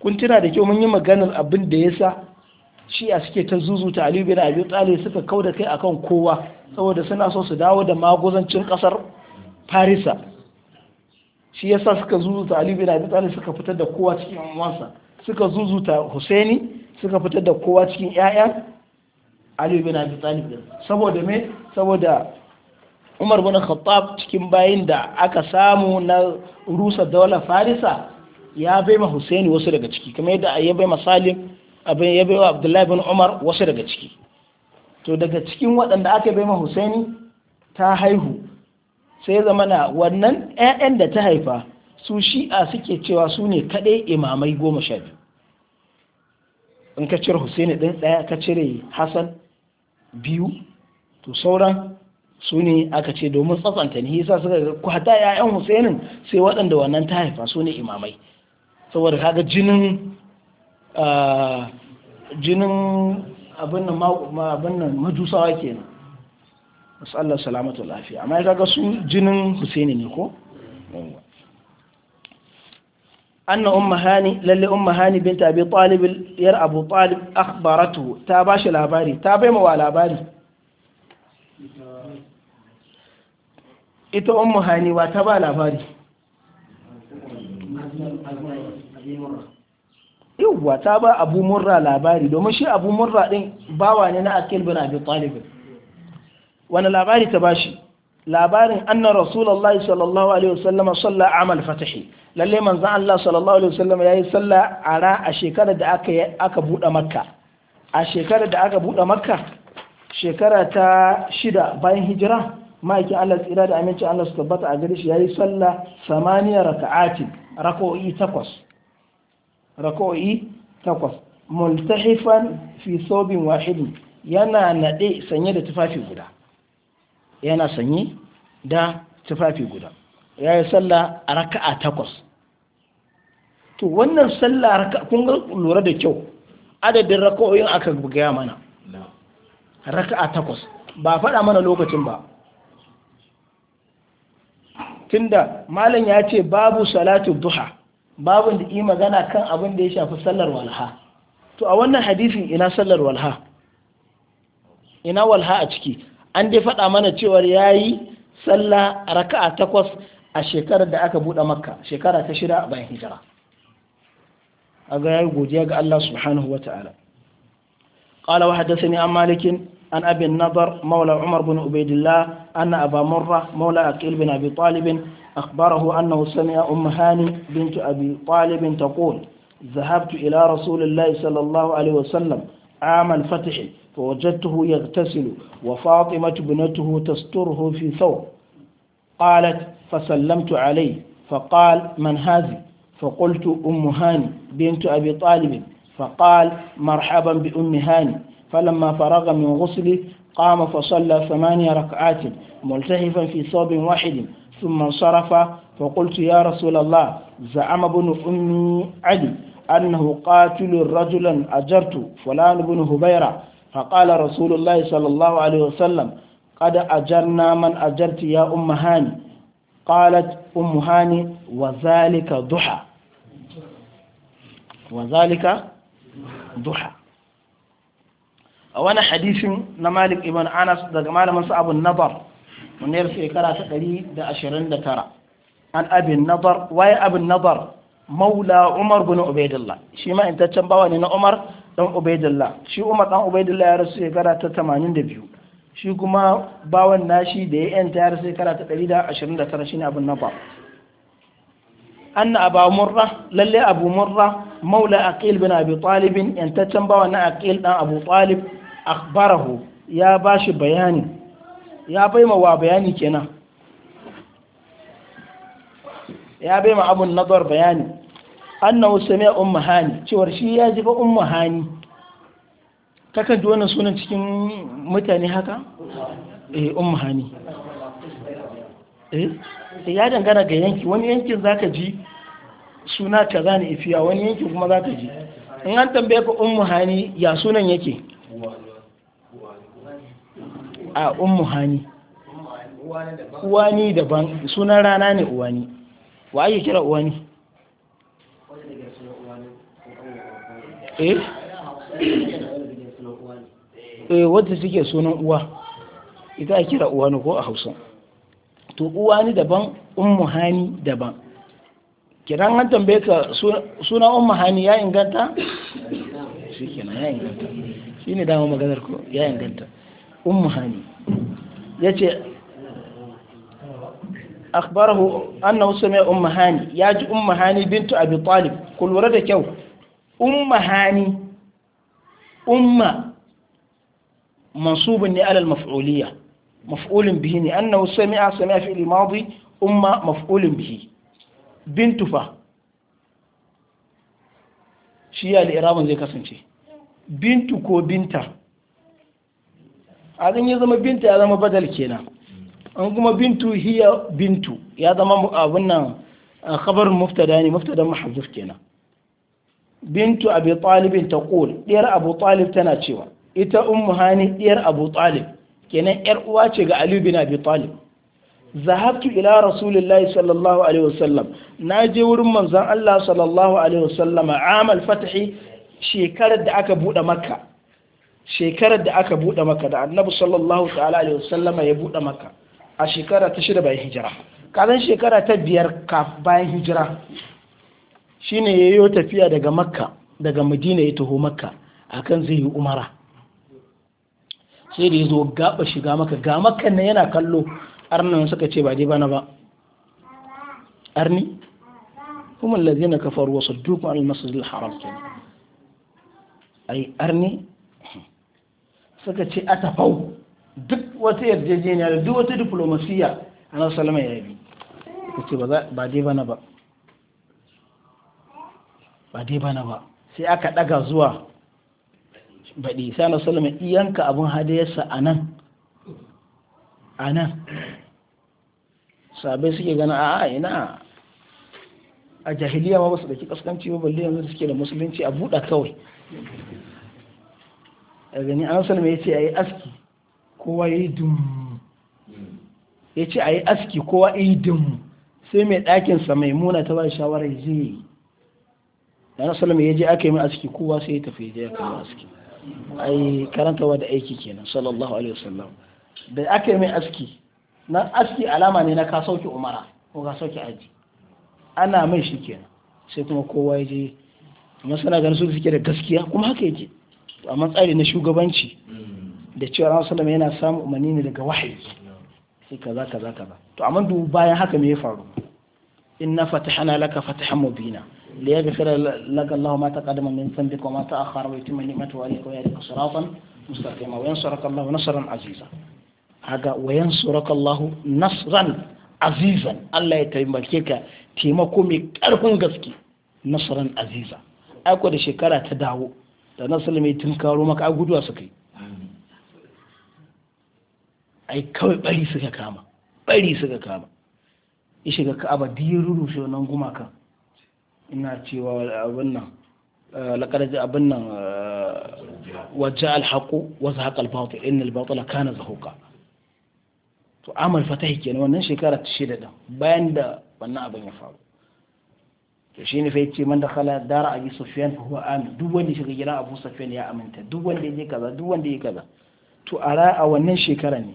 kun tuna da kyau mun yi maganar abin da yasa shi a suke ta zuzuta Ali bin bai tsali suka kauda kai akan kowa saboda suna so su dawo da magozancin kasar Farisa shi yasa suka zuzuta Ali bin bai tsali suka fitar da kowa cikin uwansa suka zuzuta Husaini suka fitar da kowa cikin ƴaƴan Ali na Abi Talib saboda me saboda umar bin khattab cikin bayin da aka samu na rusa daular farisa ya bai ma husaini wasu daga ciki kamar yadda ya bai ma salim abin ya bai wa abdullahi bin umar wasu daga ciki to daga cikin waɗanda aka bai ma husaini ta haihu sai zama na wannan 'ya'yan da ta haifa su shi'a suke cewa su ne kaɗai imamai goma sha biyu in ka cire husaini ɗin ɗaya ka cire hassan biyu to sauran su ne aka ce domin tsatsanta ne yasa suka ga ku hata yayan Husainin sai waɗanda wannan ta haifa su ne imamai saboda kaga jinin jinin abin nan abin nan majusawa kenan wasu Allah salamatu lafiya amma ya kaga su jinin Husaini ne ko أن أم هاني للي أم هاني بنت أبي abu ير ta طالب أخبرته labari ta تابع مو labari. ita ummu hani wa ta ba labari yawwa ta ba abu murra labari domin shi abu murra din bawa ne na akil bin abi talib wani labari ta bashi labarin anna rasulullahi sallallahu alaihi wasallam salla amal fatahi lalle manzon Allah sallallahu alaihi wasallam yayi salla ara a shekarar da aka aka bude makka a shekarar da aka bude makka shekara ta shida bayan hijira ma'aikin Allah tsira da aminci Allah su tabbata a gare shi yayi sallah samaniya raka'atin raka'o'i takwas raka'o'i takwas multahifan fi sobin wahidin yana nade sanye da tufafi guda yana sanye da tufafi guda yayi sallah a raka'a takwas to wannan sallah raka kun ga lura da kyau adadin raka'o'in aka gaya mana raka'a takwas ba faɗa mana lokacin ba tunda malam ya ce babu salatu duha babu da yi magana kan abin da ya shafi sallar walha to a wannan hadisin ina sallar walha ina walha a ciki an dai faɗa mana cewar yayi sallah raka'a takwas a shekarar da aka buɗe makka shekara ta shida bayan hijira a ga yayi godiya ga Allah subhanahu wa ta'ala qala wa haddathani an malikin عن أبي النضر مولى عمر بن عبيد الله أن أبا مرة مولى عقيل بن أبي طالب أخبره أنه سمع أم هاني بنت أبي طالب تقول ذهبت إلى رسول الله صلى الله عليه وسلم عام الفتح فوجدته يغتسل وفاطمة بنته تستره في ثوب قالت فسلمت عليه فقال من هذه فقلت أم هاني بنت أبي طالب فقال مرحبا بأم هاني فلما فرغ من غسله قام فصلى ثمانية ركعات ملتحفا في صوب واحد ثم انصرف فقلت يا رسول الله زعم ابن أمي علي أنه قاتل رجلا أجرت فلان بن هبيرة فقال رسول الله صلى الله عليه وسلم قد أجرنا من أجرت يا أم هاني قالت أم هاني وذلك ضحى وذلك ضحى a wani hadisin na malik ibn anas daga malamin su abin nabar munayar shekara ta ɗari da da ashirin tara. an abin nabar waye abin nabar maula umar bin ubaidillah shi ma in intaccen bawa ne na umar dan ubaidillah shi umar dan ubaidillah ya rasu shekara ta tamanin da biyu. shi kuma bawan nashi da ya yanta ya rasu shekara ta ɗari da da ashirin tara. 129 shine abin nabar anna abu murra lalle abu murra maula aqil bin abi talib yantaccen bawa na aqil dan abu talib akhbarahu ya bashi bayani ya baima wa bayani kenan ya baima abun nadar bayani annahu a ummu hani cewar shi ya ji ba ummu hani kakan ji wannan sunan cikin mutane haka eh ummu hani eh ya dangana ga yanki wani yankin zaka ji suna kaza ne ifiya wani yankin kuma zaka ji in an tambaye ka ummu hani ya sunan yake a ummu hani uwani daban sunan rana ne uwani wa ake kira uwani eh eh wadda suke sunan uwa ita a kira uwani ko a hausa to uwani daban ummu hani daban kiran an tambaye ka suna ummu hani ya inganta shi kenan ya inganta shine dama maganar ko ya inganta ummu hani ya yace akhbarahu annahu sami'a ummu hani yaji ummu hani bintu abi talib ku lura da kyau ummu hani umma masu ne alal maf'uliyya maf'ulun bihi ne annahu sami'a sami'a fi al umma maf'ulun bihi bintu fa shi ya al-irabun zai kasance bintu ko binta a ya zama Binta ya zama badal kenan an kuma bintu hiya bintu ya zama abin nan khabar muftada ne Muftadan mahzuf kenan bintu abi talib taqul ɗiyar abu talib tana cewa ita ummu hani ɗiyar abu talib kenan yar uwa ce ga Aliyu bin abi talib zahabtu ila rasulillahi sallallahu alaihi wasallam na je wurin manzon Allah sallallahu alaihi wasallam amal fathi shekarar da aka buɗe makka shekarar da aka buɗe maka da annabi sallallahu ta'ala alaihi wasallama ya buɗe maka a shekara ta shida bayan hijira kazan shekara ta biyar bayan hijira shine yayo tafiya daga makka daga madina ya taho makka akan zai yi umara sai da ya zo gaɓa shiga maka ga makan nan yana kallo arnan suka ce ba dai bana ba arni kuma lazina kafaru wasu dukkan almasajil haram kenan ai arni suka ce a tafau duk wata yarjejeniya da duk wata diplomasiya a nan salama ya bi ce ba dai bana ba ba dai bana ba sai aka daga zuwa baɗi sai na salama iyanka abin hadayarsa a nan a nan sabai suke gana a ina a jahiliya ma ba su da ƙasƙanci ba balle yanzu suke da musulunci a buɗa kawai gani an salama ya ce a yi aski kowa ya yi dummu ya ce a yi aski kowa ya yi dummu sai mai ɗakinsa mai muna ta ba shawara ya zai yi an salama ya je aka yi aski kowa sai ya tafi ya kama aski ai karantawa da aiki kenan sallallahu alaihi wasallam da aka yi mai aski na aski alama ne na ka sauke umara ko ka sauke aji ana mai shi kenan sai kuma kowa ya je masana ganin su suke da gaskiya kuma haka yake a matsayi na shugabanci da cewa rana salama yana samu umarni ne daga wahayi sai ka za ka za ka ba to amma duk bayan haka me ya faru in na fatiha na laka fatiha Mabina. da ya ga kira laka Allah mata ta kadama min san bi kuma ta akhara wa yatimma ni'mata wa alika ya rika siratan mustaqima wa yansuraka Allah nasran aziza haga wa yansuraka Allah nasran azizan Allah ya taimake ka taimako mai karfin gaske nasaran aziza ai da shekara ta dawo da na salama tun karo maka a guduwa su yi ai kawai bari suka kama bari suka kama ya shiga ka'aba duk ya wannan gumakan ina cewa abin nan eh, laƙar abin nan eh, wajen alhaƙo wasu haƙa albatul inna na kana zahuka to amal fatahi kenan wannan shekara ta shida bayan da wannan abin ya faru to ne fa yace man dakhala dara abi sufyan huwa amin duk wanda shiga gidan abu sufyan ya aminta duk wanda yake kaza duk wanda yake kaza to a ra a wannan shekara ne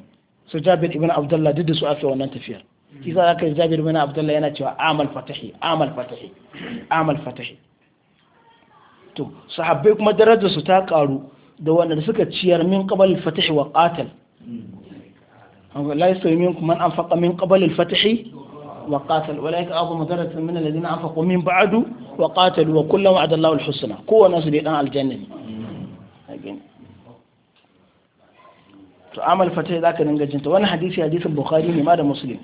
su jabir ibn abdullah duk da su aka wannan tafiyar kisa aka jabir ibn abdullah yana cewa amal fatahi amal fatahi amal fatahi to sahabbai kuma darajar su ta karu da wanda suka ciyar min qabal fatahi wa qatal hmm. la yasawi minkum man anfaqa min qabal al-fatahi وقاتل أولئك أعظم درجة من الذين أنفقوا من بعد وقاتلوا وكلا وعد الله الحسنى كو ناس دي دان الجنة to amal fata za ka dinga jinta wani hadisi hadisin bukhari ne ma da muslim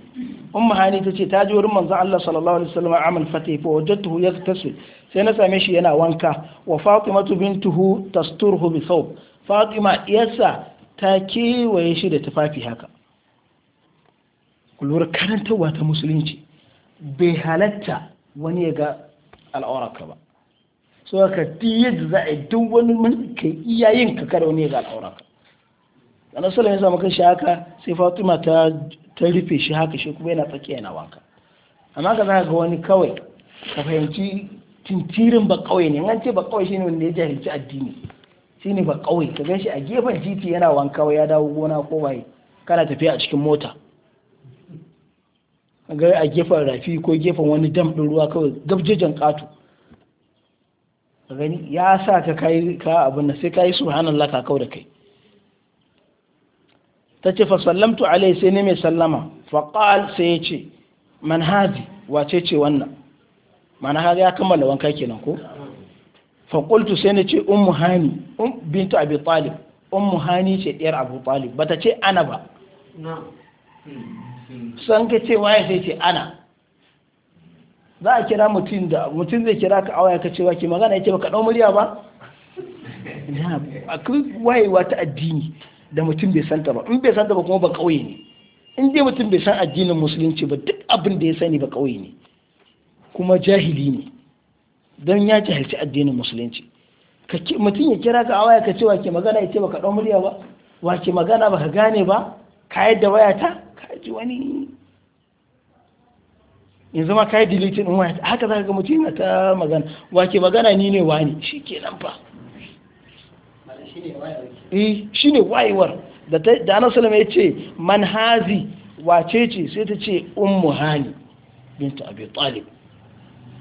umma hani ta ce ta ji wurin manzon Allah sallallahu alaihi wasallam amal fata fa wajadtuhu yaktasil sai na same shi yana wanka wa fatimatu bintuhu tasturhu bi thawb fatima yasa ta kewaye shi da tufafi haka lura karantarwa ta musulunci bai halatta wani ya ga al'auraka ba so ka ti yadda za a duk wani mun ka iya yin ka kada wani ya ga al'aurarka annan sallallahu zama wasallam shi haka sai fatima ta ta rufe shi haka shi kuma yana tsakiya yana wanka amma ka za ga wani kawai ka fahimci tintirin ba kawai ne an ce ba kawai shine wanda ya jahilci addini shine ba kawai ka gan shi a gefen titi yana wanka ya dawo gona ko waye kana tafiya a cikin mota ga a gefen rafi ko gefen wani dam ɗin ruwa kawai gabjejen ƙato gani ya sa ka kai ka abin da sai ka yi subhanallah ka kau da kai ta ce fa sallamtu alai sai ne mai sallama fa qal sai ya ce man hazi wace ce wannan mana har ya kammala wanka kenan ko fa qultu sai ne ce ummu hani um bintu abi talib ummu hani ce ɗiyar abu talib bata ce ana ba san ka ce waye sai ce ana za a kira mutum da mutum zai kira ka awaya ka cewa ke magana yake baka ɗau murya ba A kai wayewa ta addini da mutum bai santa ba in bai santa ba kuma ba kauye ne in dai mutum bai san addinin musulunci ba duk abin da ya sani ba kauye ne kuma jahili ne don ya jahilci addinin musulunci mutum ya kira ka awaya ka cewa ke magana ya ce baka ɗau murya ba wa ke magana baka gane ba ka yadda wayata ɗauki wani yanzu ma kai deleting in waya haka za ka ga mutum ta magana wake magana ni ne wani shi ke nan fa eh, shi ne wayewar da ana salama ya ce man hazi, wace ce sai ta ce ummu hani bintu abu talib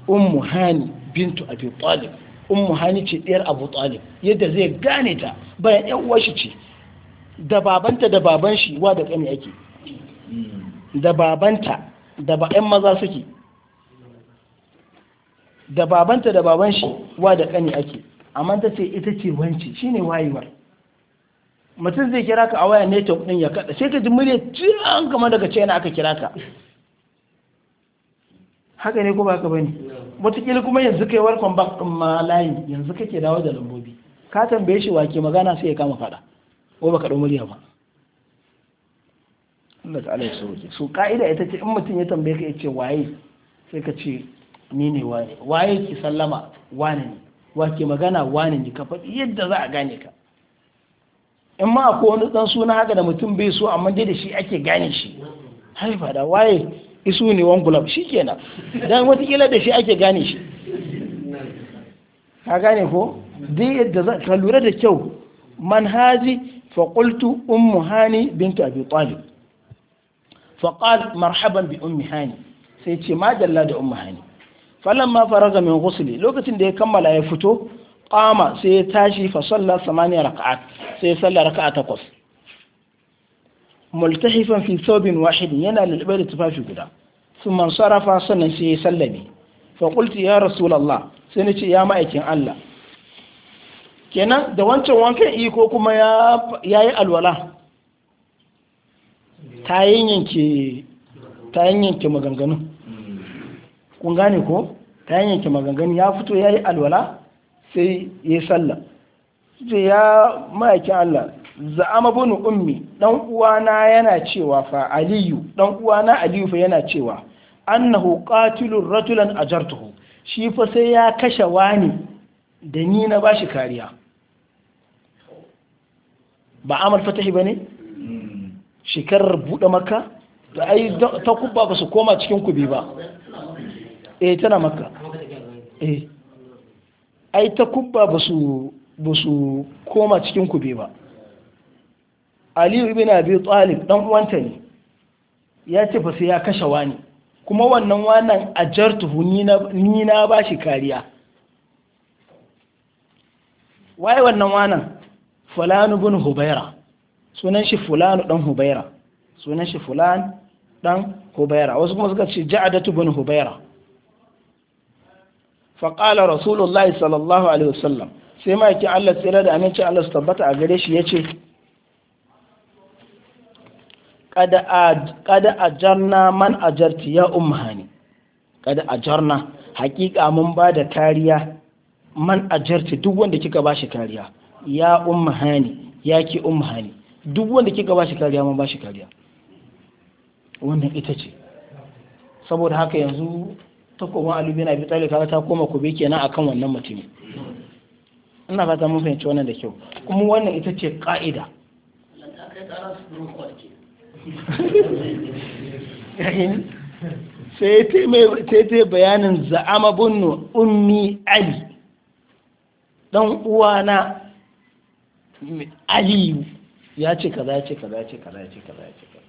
ummu hani bintu abu talib ummu hani ce ɗiyar abu talib yadda zai gane ta bayan yan uwa shi ce da babanta da baban shi wa da kani ake da babanta da ba 'yan maza suke da babanta da baban shi wa da ƙani ake amma ta ce ita ce wanci shine wayewar mutum zai kira ka a waya network ɗin ya kada sai ka ji murya an kamar daga china aka kira ka haka ne ko baka bane wataƙila kuma yanzu kai warkon ba din ma layi yanzu kake dawo da lambobi ka tambaye shi wake magana sai ya kama fada ko ba ka ɗau murya ba Allah ta'ala ya sauke so ka'ida ita ce in mutum ya tambaye ka ya ce waye sai ka ce ni ne waye waye ki sallama wane ne wa ke magana wane ne ka faɗi yadda za a gane ka in ma akwai wani ɗan suna haka da mutum bai so amma dai da shi ake gane shi hai fada waye isu ne wan gulab kenan dan watakila da shi ake gane shi ka gane ko dai yadda za ka lura da kyau manhaji fa qultu ummu hani bintu abi talib faƙal marhaban bi ummi hani sai ce ma dalla da ummi hani falan ma faraga min ghusli lokacin da ya kammala ya fito kama sai ya tashi fa salla samaniya raka'at sai ya salla raka'a takwas multahifan fi thawbin wahidin yana lulube da tufafi guda sun man sarafa sannan sai ya sallame fa qultu ya rasulullah sai ce ya ma'aikin Allah kenan da wancan wankan iko kuma ya yayi alwala ta yanyanke yanke maganganu kun gane ko ta yanke maganganu ya fito ya yi alwala sai ya yi sallah ce ya ma'aikin Allah za'ama bunu ummi dan uwana yana cewa fa aliyu dan uwana aliyu fa yana cewa annahu qatilur ratulan ajartuhu shi fa sai ya kashe wani da ni na bashi kariya ba amal fatahi bane shekarar buɗe maka da ai ta kubba ba su koma cikin kubi ba eh tana maka eh ai ta kubba ba su ba su koma cikin kubi ba aliyu ibn abi talib dan uwanta ne ya ce fa sai ya kashe wani kuma wannan wannan ajartuhu ni na ba shi kariya waye wannan wannan fulanu bin hubaira sunan shi fulanu dan hubaira sunan shi fulan dan hubaira wasu kuma suka ce ja'adatu bin hubaira faƙala rasulullahi sallallahu alaihi wasallam sai ma yake Allah tsira da aminci Allah su tabbata a gare shi ya ce kada ajarna man ajarti ya ummahani kada ajarna haƙiƙa mun ba da kariya man ajarti duk wanda kika ba shi kariya ya ummahani ya ki ummahani duk wanda kika bashi kariya ba bashi kariya wannan ita ce saboda haka yanzu ta koma alubi na bi tsali kaga ta koma kube kenan akan wannan mutum ina fata mun fahimci wannan da kyau kuma wannan ita ce ka'ida (laughs) sai ta bayanin za'ama bunnu ummi ali dan na aliyu ya ce ka za ce ka za ce ka za ce ka za ce ka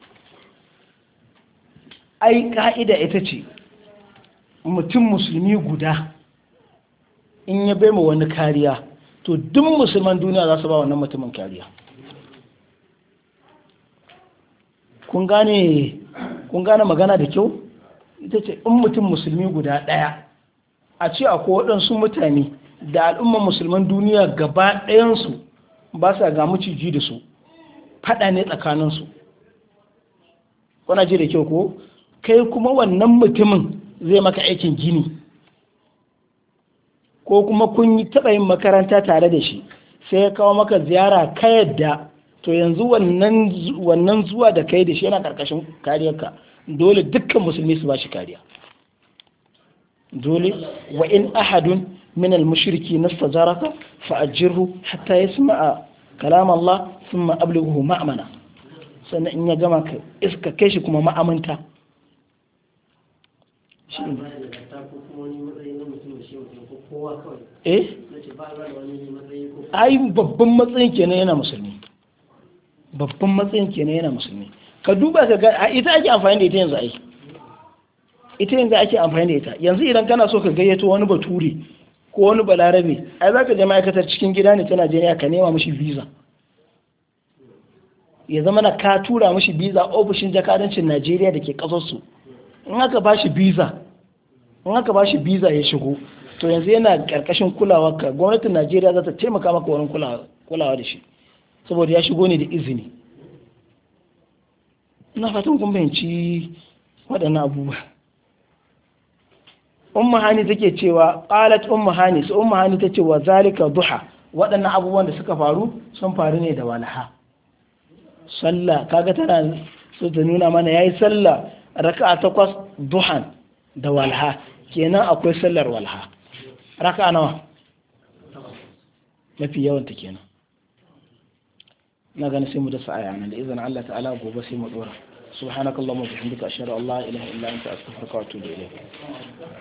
ai ka'ida ita ce mutum musulmi guda in ya bai ma wani kariya to duk musulman duniya za su ba wannan mutumin kariya kun gane magana da kyau ita ce in mutum musulmi guda ɗaya a ce akwai waɗansu mutane da al'umman musulman duniya gaba ɗayansu ba sa ga maciji da su fada ne tsakaninsu kuna ji da kyau ko kai kuma wannan mutumin zai maka aikin gini ko kuma kun yi taɓa yin makaranta tare da shi sai ya kawo maka ziyara ka yadda to yanzu wannan zuwa da kai da shi yana ƙarƙashin kariyarka dole dukkan musulmi su ba shi kariya dole wa in ahadun min al-mushriki nastazaraka fa ajirhu hatta yasma'a kalam Allah thumma ablighu ma'amana sannan in ya gama ka iska kai shi kuma ma'amanta eh ai babban matsayin kenan yana musulmi babban matsayin kenan yana musulmi ka duba ka ga ita ake amfani da ita yanzu ai ita yanzu ake amfani da ita yanzu idan kana so ka gayyato wani bature ko wani balarabe ai za ka je ma'aikatar cikin gida ne ta najeriya ka nema mashi visa ya zama na ka tura mashi visa ofishin jakadancin najeriya da ke kasarsu in aka ba shi visa in aka ba shi visa ya shigo to yanzu yana karkashin kulawa ka gwamnatin najeriya za ta taimaka maka wurin kulawa da shi saboda ya shigo ne da izini ina fatan kun fahimci waɗannan abubuwa umma hani take cewa qalat umma hani su umma hani tace wa zalika duha waɗannan abubuwan da suka faru sun faru ne da walaha sallah kaga tana so ta nuna mana yayi sallah raka'a takwas duhan da walha kenan akwai sallar walha raka'a nawa mafi yawan ta kenan na gani sai mu dasa aya nan da izinin Allah ta'ala gobe sai mu dora subhanakallahumma wa bihamdika ashhadu an la ilaha illa anta astaghfiruka wa atubu ilayk